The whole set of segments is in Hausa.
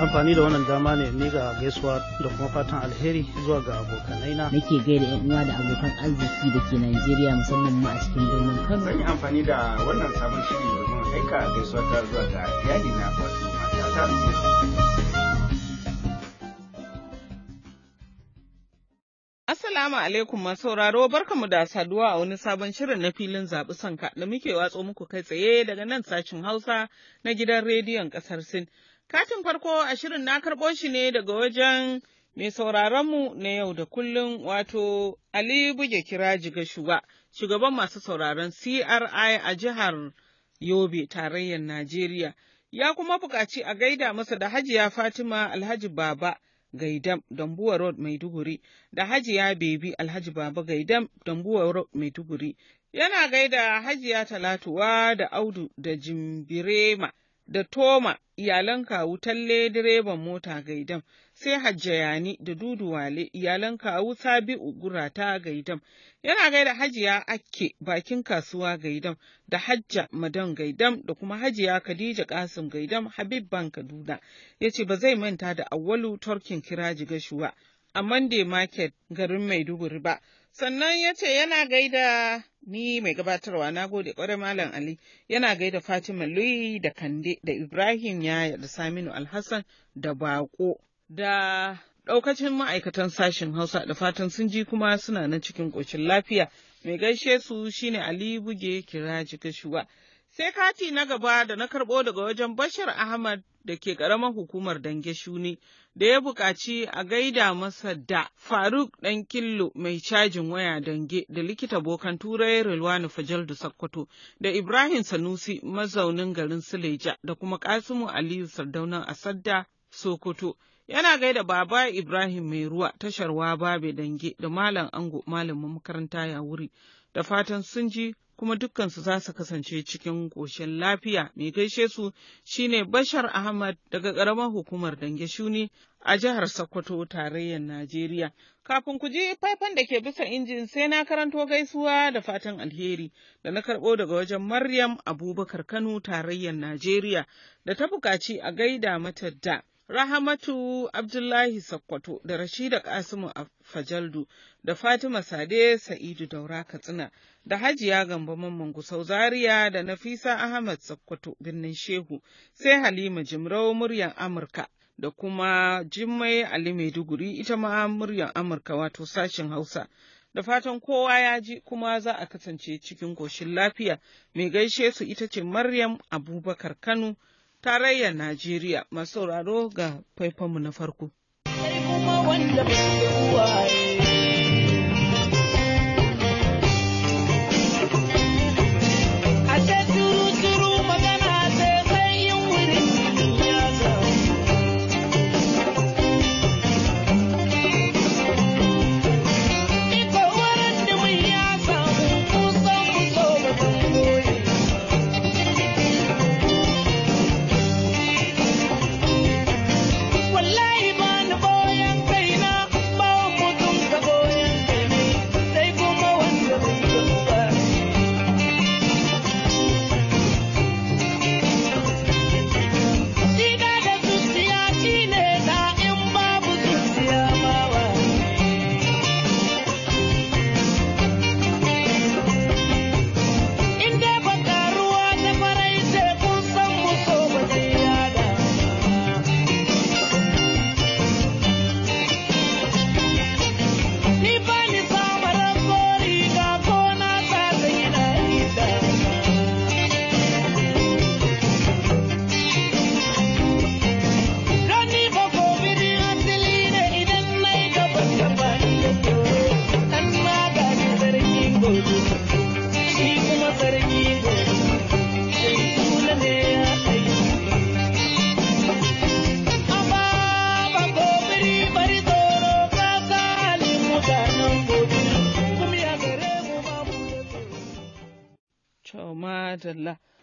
amfani da wannan dama ne ni ga gaisuwa da kuma fatan alheri zuwa ga abokanai na nake gaida yan uwa da abokan arziki da ke Najeriya musamman ma a cikin birnin Kano zan yi amfani da wannan sabon shiri domin aika gaisuwa ta zuwa ga iyali na wato Assalamu alaikum masauraro barkamu da saduwa a wani sabon shirin na filin zaɓi sanka da muke watso muku kai tsaye daga nan sashin Hausa na gidan rediyon ƙasar Sin. Katin farko a shirin na karɓo shi ne daga wajen mai sauraronmu na yau da kullum wato Ali Buge Kiraji Gashuwa, shugaban masu sauraron CRI a jihar Yobe, tarayyar Najeriya. Ya kuma buƙaci a gaida masa da Hajiya Fatima Alhaji Baba Gaidam Dambuwa Road Maiduguri da Hajiya Bebi Alhaji Baba Gaidam Dambuwa Road Maiduguri. Yana gaida Hajiya Talatuwa da Audu da Jimbirema. da Toma iyalan kawu talle direban mota gaidam, sai Hajjayani da Dudu Wale, iyalan kawu Sabi'u gurata gaidam, yana gaida Hajiya Akke bakin kasuwa gaidam da Hajja Madan gaidam da kuma Hajiya Khadija Kasim gaidam Habib Ban Kaduna, ya ce ba zai manta da awwalu turkin kiraji gashuwa a Monday Market garin Maiduguri ba. Sannan ya ce yana gaida ni mai gabatarwa na gode kwarai Malam Ali yana gaida Fatima Lui da Kande da Ibrahim Yaya da Saminu Alhassan da Bako da ɗaukacin ma'aikatan sashen Hausa da fatan sun ji kuma suna nan cikin ƙoshin lafiya. Mai gaishe su shine Ali Buge Kiraji Gashuwa. Sai kati na gaba da na karɓo daga wajen Bashir Ahmad da ke ƙaramar hukumar Dange Shuni da ya buƙaci a gaida masa da Faruk ɗan killo mai cajin waya Dange da likita bokan turai Rilwani da Sakkwato da Ibrahim Sanusi mazaunin garin Suleja da kuma Kasimu Aliyu Sardaunan Asadda Sokoto. Yana gaida Baba Ibrahim mai ruwa tashar Wababe Dange da Malam Ango malamin makaranta ya wuri da fatan sun ji kuma dukkansu za su kasance cikin ƙoshin lafiya. Mai gaishe su shine Bashar Ahmad daga ƙaramar hukumar Dange Shuni a jihar Sokoto tarayyar Najeriya. Kafin ku ji faifan da ke bisa injin sai na karanto gaisuwa da fatan alheri da na karɓo daga wajen Maryam Abubakar Kano tarayyar Najeriya da ta buƙaci a gaida mata da. Rahamatu Abdullahi Sakkwato da Rashida Kasimu a Fajaldu da Fatima Sade Sa'idu Daura Katsina da Hajiya Gambo Mamman Gusau Zaria da Nafisa Ahmad Sakkwato Birnin Shehu sai Halima Jimrau murya'n Amurka da kuma Jummai Ali Maiduguri ita ma murya'n Amurka wato sashin Hausa. Da fatan kowa ya ji kuma za a kasance cikin koshin lafiya mai gaishe su ita ce Maryam Abubakar Kano. tarayyar Najeriya masu sauraro ga faifanmu na farko. Sai kuma wanda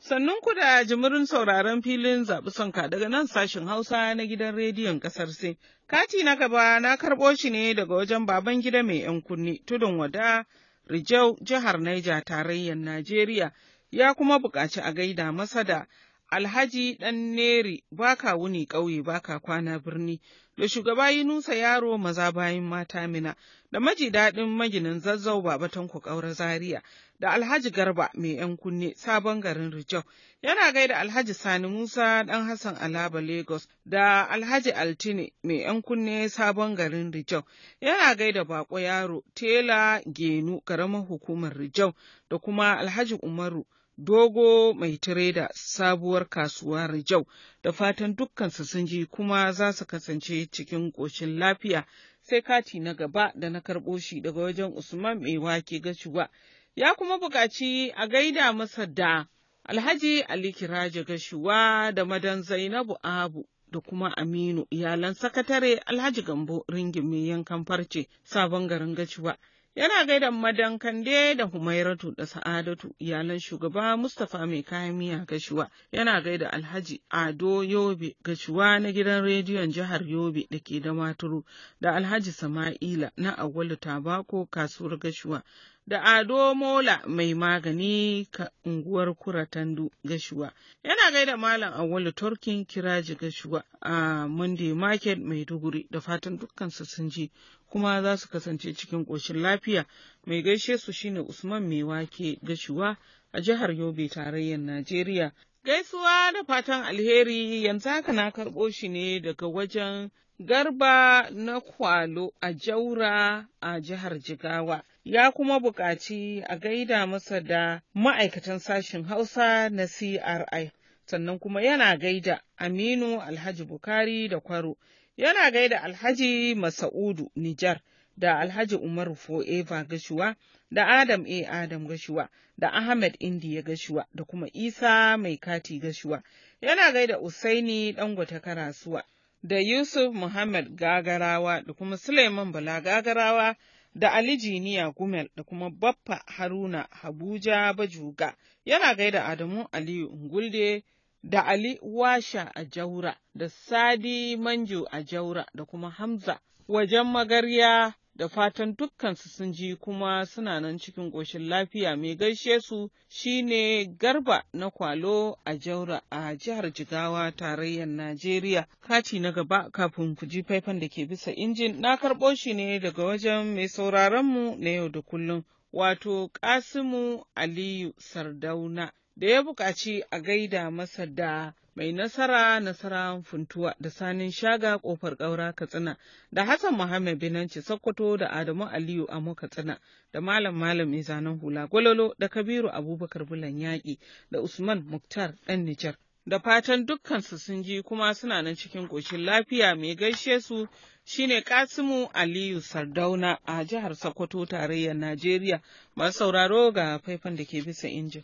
Sannun ku da jimirin sauraron filin zaɓi sonka daga nan sashin Hausa na gidan rediyon ƙasar Sin. Kati na gaba na karɓo shi ne daga wajen baban gida mai ‘yan kunni tudun wada Rijau jihar Naija tarayyar Najeriya ya kuma buƙaci a gaida masa da Alhaji ɗan Neri baka wuni ƙauye baka kwana birni, da shugaba nusa yaro maza bayan mata mina, da maji daɗin maginin zazzau baba Ku ƙaura zaria, da Alhaji Garba mai ‘yan kunne sabon garin Rijau, yana gaida Alhaji Sani Musa ɗan Hassan Alaba Lagos, da Alhaji Altine mai ‘yan kunne sabon garin Rijau, yana gaida Bako Yaro, Tela Genu, ƙaramar hukumar Rijau, da kuma Alhaji Umaru. Dogo mai tireda sabuwar kasuwar Jau da fatan dukkansu sun ji kuma za su kasance cikin ƙoshin lafiya sai kati na gaba da na karɓo shi daga wajen Usman mai wake gashuwa. Ya kuma buƙaci a gaida masa da Alhaji Ali Kiraje gashuwa da madan Zainabu Abu. da kuma Aminu iyalan sakatare Alhaji Gambo ringin mai yankan farce sabon garin gashuwa yana gaida madankande da humairatu da sa'adatu iyalan shugaba mustapha mai kayan miya gashuwa yana gaida alhaji ado yobe gashuwa na gidan rediyon jihar yobe da ke da maturu da alhaji sama'ila na agwalu tabako kasuwar gashuwa da ado mola mai magani ka unguwar kuratandu gashuwa yana gaida malam agwalu turkin kiraji gashuwa a monday market mai duguri, da fatan dukkan su sun ji kuma za su kasance cikin ƙoshin lafiya mai gaishe su shine usman mai wake gashuwa a jihar yobe tarayyar najeriya gaisuwa da fatan alheri yanzu haka na karɓo shi ne daga wajen garba na kwalo a jaura a jihar jigawa ya kuma buƙaci a gaida masa da ma'aikatan sashen hausa na cri sannan kuma yana gaida aminu alhaji bukari da kwaro yana gaida Alhaji Masa'udu Nijar da Alhaji Umaru eva Gashuwa da Adam A. Adam Gashuwa da Ahmed Indiya Gashuwa da kuma Isa Mai Kati Gashuwa yana gaida Usaini Dangote Karasuwa da Yusuf Muhammad Gagarawa da kuma Suleiman Bala Gagarawa da Ali Jiniya Gumel da kuma Baffa Haruna Habuja Bajuga yana gaida Adamu Aliyu Ngulde. da Ali Washa a Jaura, da Sadi Manjo a Jaura, da kuma Hamza wajen magarya da fatan dukkansu sun ji kuma suna nan cikin ƙoshin lafiya mai gaishe su shine garba na kwalo a jaura a jihar jigawa tarayyar najeriya kati na gaba kafin ku ji faifan da ke bisa injin na karɓo shi ne daga wajen mai sauraronmu na yau da kullum wato kasimu aliyu sardauna da ya buƙaci a gaida masa da mai nasara nasara funtuwa da sanin shaga ƙofar ƙaura katsina da hassan muhammad binanci sokoto da adamu aliyu amo katsina da malam malam mai zanen hula gwalolo da kabiru abubakar bulan yaƙi da usman muktar ɗan nijar da fatan dukkansu sun ji kuma suna nan cikin ƙoshin lafiya mai gaishe su shine Kasimu Aliyu Sardauna a jihar Sokoto tarayyar Najeriya masu sauraro ga faifan da ke bisa injin.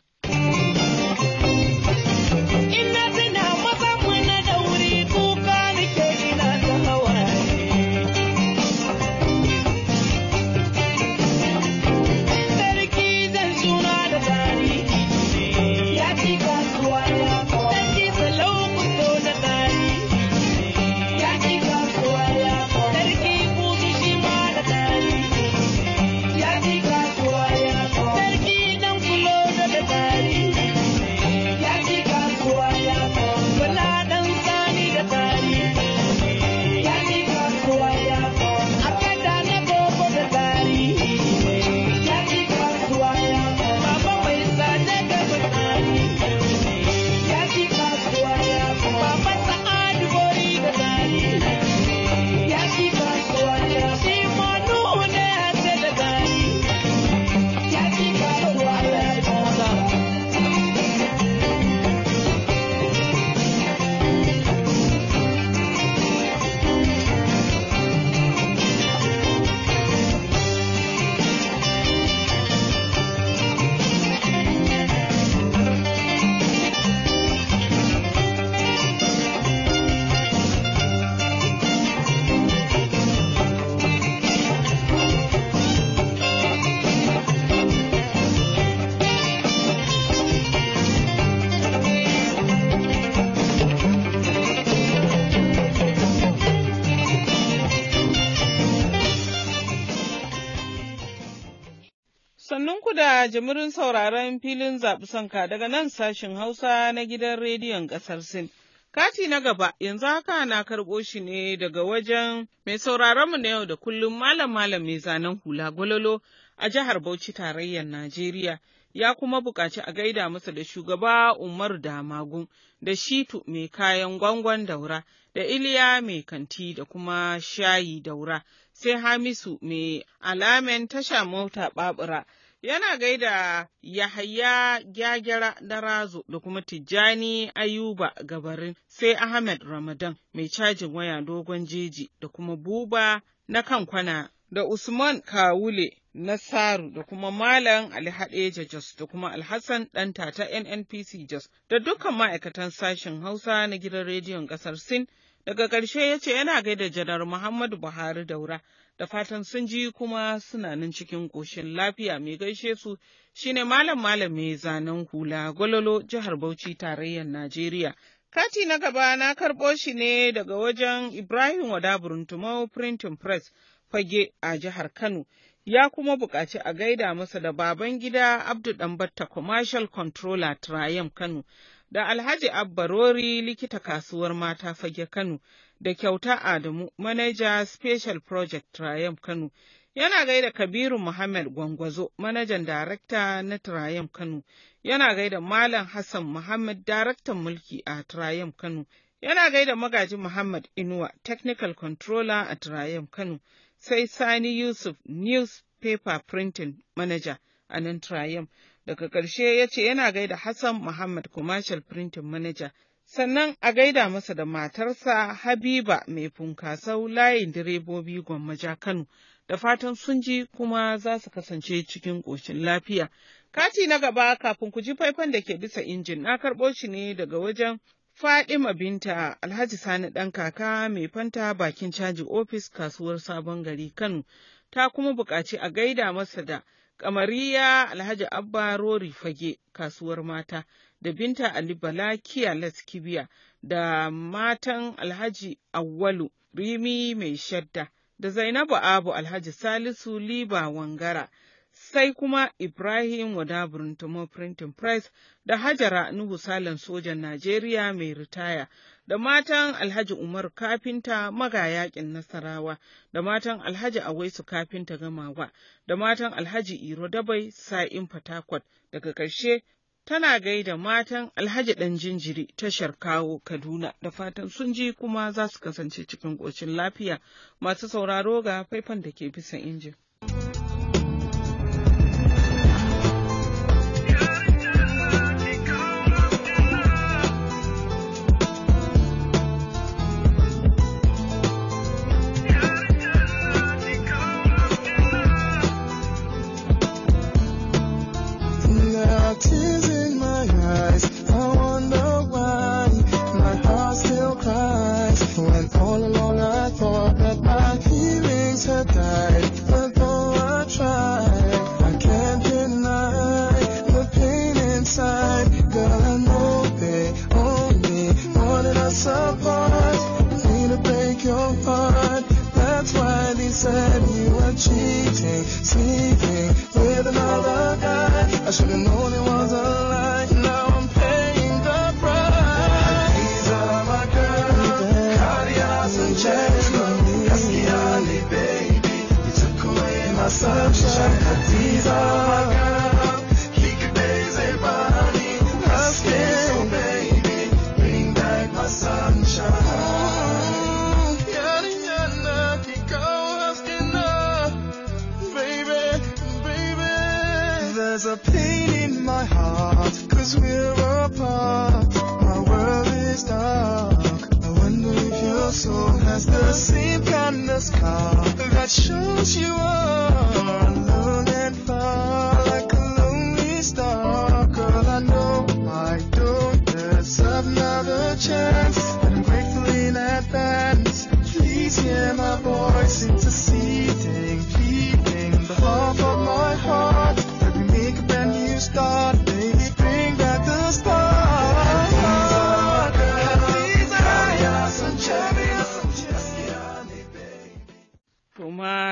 ku da jimirin sauraron filin zaɓi sanka daga nan sashin Hausa na gidan rediyon ƙasar Sin. Kati na gaba yanzu haka na karɓo shi ne daga wajen mai sauraron mu na yau da kullum malam malam mai zanen hula gwalolo a jihar Bauchi tarayyar Najeriya. Ya kuma buƙaci a gaida masa da shugaba Umar Damagun da Shitu mai kayan gwangon daura da Iliya mai kanti da kuma shayi daura sai Hamisu mai alamen tasha mota babura yana gaida Yahaya Gyagyara Darazo da kuma Tijjani Ayuba Gabarin sai Ahmed Ramadan mai cajin waya dogon jeji da kuma Buba na kan kwana da Usman Kawule Nasaru da kuma Malam Ali Hadeja Jos da kuma Alhassan Danta ta NNPC Jos da dukkan ma'aikatan sashen Hausa na gidan rediyon ƙasar Sin daga ƙarshe ya ce yana gaida janar Muhammadu Buhari Daura da fatan sun ji kuma suna nan cikin ƙoshin lafiya mai gaishe su shine malam malam mai zanen hula gwalolo jihar Bauchi tarayyar Najeriya. Kati na gaba na karɓo shi ne daga wajen Ibrahim Wadaburin Tumau Printing Press fage a jihar Kano. ya kuma buƙaci a gaida masa da baban gida Abdu Ɗanbatta Commercial Controller Triumph Kano da Alhaji Abbarori likita kasuwar mata fage Kano da kyauta Adamu, manaja Special Project Triumph Kano. Yana gaida Kabiru Muhammad Gwangwazo, manajan darakta na Triumph Kano. Yana gaida Malam Hassan Muhammad, daraktan mulki a Triumph Kano. Yana gaida magaji Muhammad Inuwa, technical controller a Triumph Kano. Sai Sani Yusuf, newspaper printing manager a nan Triumph. Daga ƙarshe ya ce yana gaida Hassan Muhammad, commercial printing manager sannan a gaida masa da matarsa Habiba mai funkasau layin direbobi gwamma ja Kano, da fatan sun ji kuma za su kasance cikin ƙoshin lafiya. Kati na gaba kafin ku ji faifan da ke bisa injin na karɓo shi ne daga wajen Fadima binta Alhaji Sani ɗan kaka mai fanta bakin caji ofis kasuwar sabon gari Kano, ta kuma buƙaci a gaida masa da Kamariya Alhaji Abba Rori Fage kasuwar mata da Binta Ali Bala Kiya Kibiya da matan Alhaji Awalu Rimi Mai Shadda da Zainabu Abu Alhaji Salisu Liba Wangara. sai kuma Ibrahim Wadaburin Tumo Printing Press da Hajara Nuhu Salon Sojan Najeriya mai ritaya da matan Alhaji Umar kafinta maga magayakin Nasarawa, da matan Alhaji Awaisu kafinta Gamawa, da matan Alhaji Iro Dabai sa'in Fatakwat daga ƙarshe tana gaida matan Alhaji ɗan jinjiri tashar kawo Kaduna da fatan sun ji kuma za su kasance cikin ƙoshin lafiya masu sauraro ga faifan da ke bisa injin.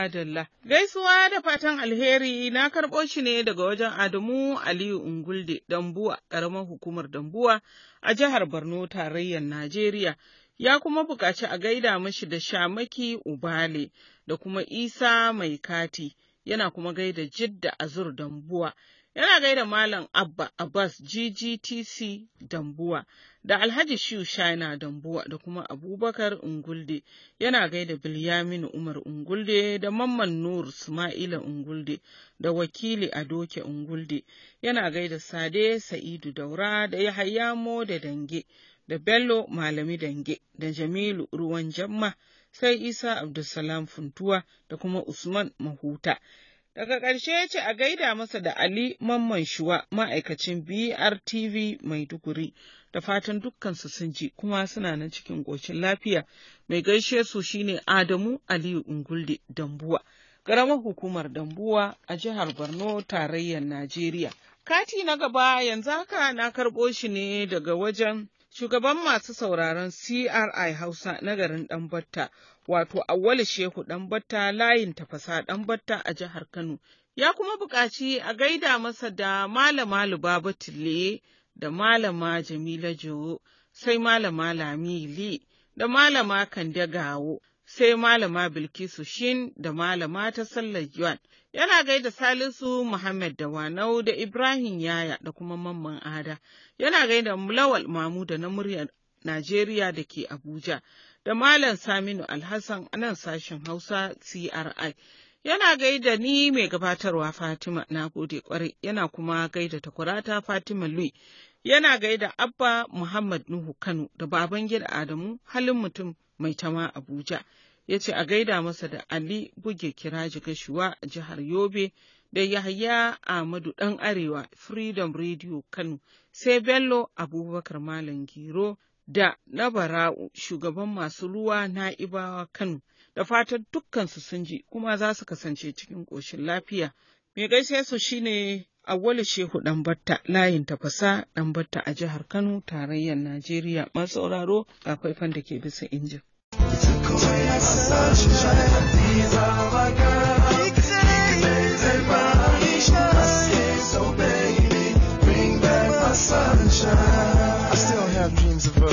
Adalla. Gaisuwa da fatan alheri na karɓo shi ne daga wajen Adamu Aliyu Ungulde Dambuwa, ƙaramin hukumar Dambuwa a jihar Borno tarayyar Najeriya. Ya kuma buƙaci a gaida mashi da Shamaki Ubale da kuma Isa Mai Kati, yana kuma gaida Jidda Azur Dambuwa. yana gaida Malam Abba Abbas GGTC Dambuwa da Alhaji Shiu Shaina Dambuwa da kuma Abubakar Ungulde yana gaida Bilyaminu Umar Ungulde da Mamman Nur Sumaila Ungulde da wakili Adoke Ungulde yana gaida Sade Sa'idu Daura da Yahayamo da Dange da Bello Malami Dange da Jamilu Ruwan Jamma sai Isa Abdulsalam Funtuwa da kuma Usman Mahuta. Daga ƙarshe ya ce a gaida masa da Ali Mamman Shuwa ma'aikacin BRTV Maiduguri da fatan dukkansu sun ji kuma suna nan cikin ƙoshin lafiya. Mai gaishe su shine Adamu Aliyu Ungulde Dambuwa, ƙaramar hukumar Dambuwa a jihar Borno tarayyar Najeriya. Kati na gaba yanzu haka na karɓo shi ne daga wajen shugaban masu sauraron CRI Hausa na garin Ɗanbatta wato Auwalu Shehu ɗan batta layin tafasa ɗan batta a jihar Kano. Ya kuma buƙaci a gaida masa da Malama Lubaba Tille da Malama Jamila Jowo, sai Malama Lamili da Malama Kande Gawo, sai Malama Bilkisu Shin da Malama ta Sallar Yuan. Yana gaida Salisu Muhammad da Wanau da Ibrahim Yaya da kuma Mamman Ada. Yana gaida Lawal Mamu da na muryar Najeriya da ke Abuja. da Malam Saminu Alhassan a nan sashen Hausa CRI. Yana gaida ni mai gabatarwa Fatima na gode kwarai yana kuma gaida takwarata Fatima Lui. Yana gaida Abba Muhammad Nuhu Kano da baban gida Adamu halin mutum mai tama Abuja. Ya ce a gaida masa da Ali Buge Kiraji Gashuwa a jihar Yobe da yahya Ahmadu ɗan Arewa Freedom Radio Kano sai Bello Abubakar Malam Giro da na Bara'u shugaban masu ruwa na Ibawa Kano da fatan dukkansu sun ji kuma za su kasance cikin ƙoshin lafiya. Mai gaishe su shine Awwalu Shehu Ɗanbatta layin tafasa Ɗanbatta a jihar Kano tarayyar Najeriya masu sauraro a faifan da ke bisa injin. Sunshine.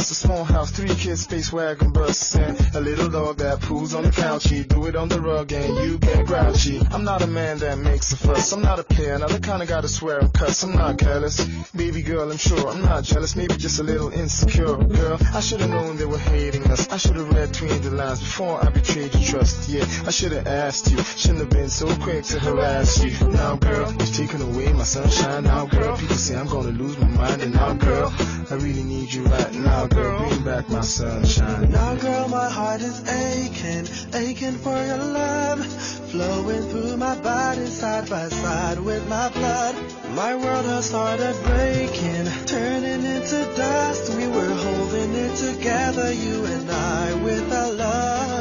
It's a small house, three kids, space wagon bus, and a little dog that pulls on the couch. He do it on the rug, and you get grouchy. I'm not a man that makes a fuss. I'm not a player, not the kind of guy to swear and cuss. I'm not careless, baby girl. I'm sure I'm not jealous, maybe just a little insecure, girl. I should've known they were hating us. I should've read between the lines before I betrayed your trust. Yeah, I should've asked you. Shouldn't have been so quick to harass you. Now, girl, you've taken away my sunshine. Now, girl, people say I'm gonna lose my mind, and now, girl, I really need you right now girl. Bring back my sunshine. Now, girl, my heart is aching, aching for your love. Flowing through my body side by side with my blood. My world has started breaking, turning into dust. We were holding it together, you and I, with our love.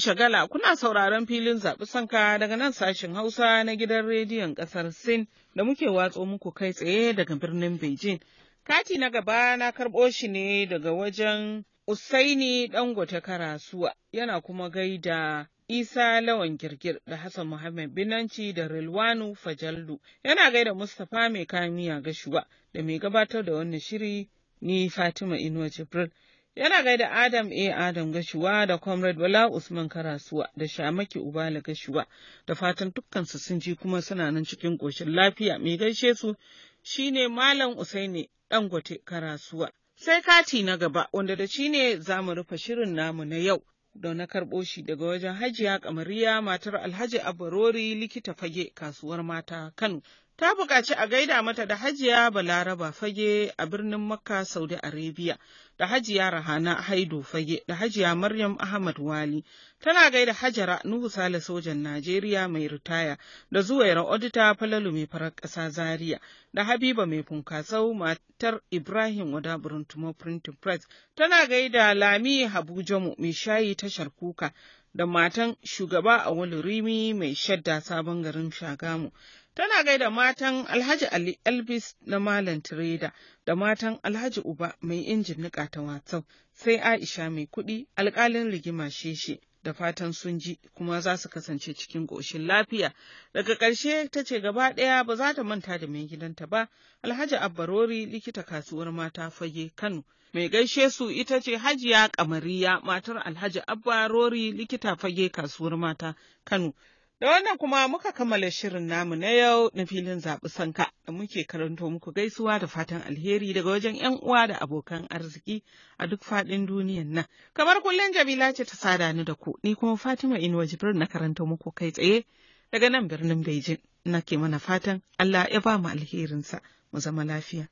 shagala kuna sauraron filin zaɓi sanka daga nan sashen Hausa na gidan rediyon ƙasar Sin da muke watso muku kai tsaye daga birnin Beijing. Kati na gaba na karɓo shi ne daga wajen Usaini Dangote Karasuwa yana kuma gaida Isa Lawan Girgir da Hassan Muhammad Binanci da Rilwanu fajallu yana gaida Mustapha mai kayan miya gashuwa da mai gabatar da wannan shiri ni Fatima Inuwa Jibril. Yana gaida Adam A. Adam Gashuwa da Comrade Bala Usman Karasuwa da Shamaki Ubala Gashuwa da fatan dukkansu sun ji kuma suna nan cikin ƙoshin lafiya mai gaishe su shine Malam Usaini Dangote Karasuwa. Sai kati na gaba wanda da shi ne za mu rufe shirin namu na yau. da na karɓo shi daga wajen hajiya kamariya matar alhaji abarori likita fage kasuwar mata kano ta buƙaci a gaida mata da Hajiya Balaraba Fage a birnin Makka, Saudi Arabia, da Hajiya Rahana Haido Fage, da Hajiya Maryam Ahmad Wali, tana gaida Hajara Nuhu Sale sojan Najeriya mai ritaya, da Zuwaira Odita Falalu mai farar ƙasa Zaria, da Habiba mai funkasau matar Ibrahim Wadaburin Tumo Printing Press, tana gaida Lami Habu Jamu mai shayi tashar kuka, da matan shugaba a Rimi mai shadda sabon garin Shagamu. Tana gaida matan Alhaji Ali Elvis na Malam Tireda da matan Alhaji Uba mai injin nika ta watsau sai Aisha mai kuɗi alkalin rigima sheshe da fatan sun ji kuma za su kasance cikin ƙoshin lafiya. Daga ƙarshe ta ce gaba ɗaya ba za ta manta da mai gidanta ba, Alhaji Abbarori likita kasuwar mata fage Kano. Mai gaishe su ita ce Hajiya Kamariya matar Alhaji Abbarori likita fage kasuwar mata Kano. Da wannan kuma muka kammala shirin namu na yau na filin zaɓi sanka da muke karanto muku gaisuwa da fatan alheri daga wajen 'yan uwa da abokan arziki a duk faɗin duniyan nan. Kamar kullum Jamila ce ta sada ni da ku, ni kuma Fatima Inuwa Jibril na karanto muku kai tsaye daga nan birnin Bejin. Nake mana fatan Allah ya ba mu alherinsa mu zama lafiya.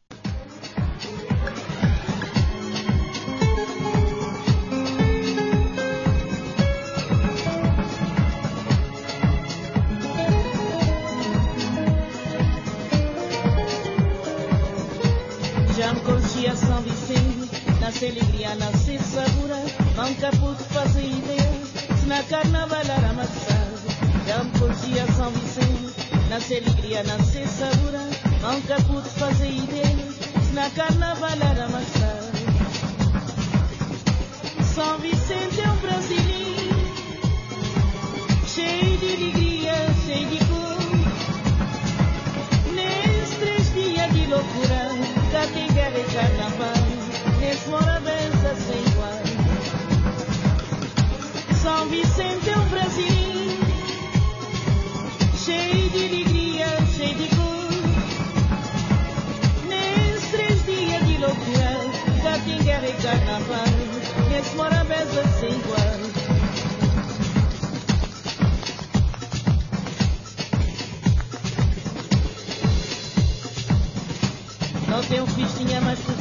alegria não se sabura, nunca pude fazer ideia. Na carnaval era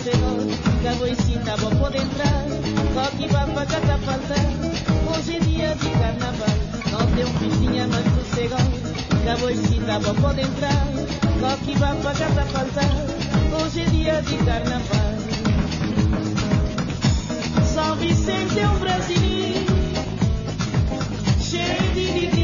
chegou, caboicita, vou poder entrar. Coque, baba, catapalta, hoje é dia de carnaval. Não tem um vizinha, mas sossegou, caboicita, vou poder entrar. Coque, baba, catapalta, hoje é dia de carnaval. São Vicente é um brasileiro, cheio de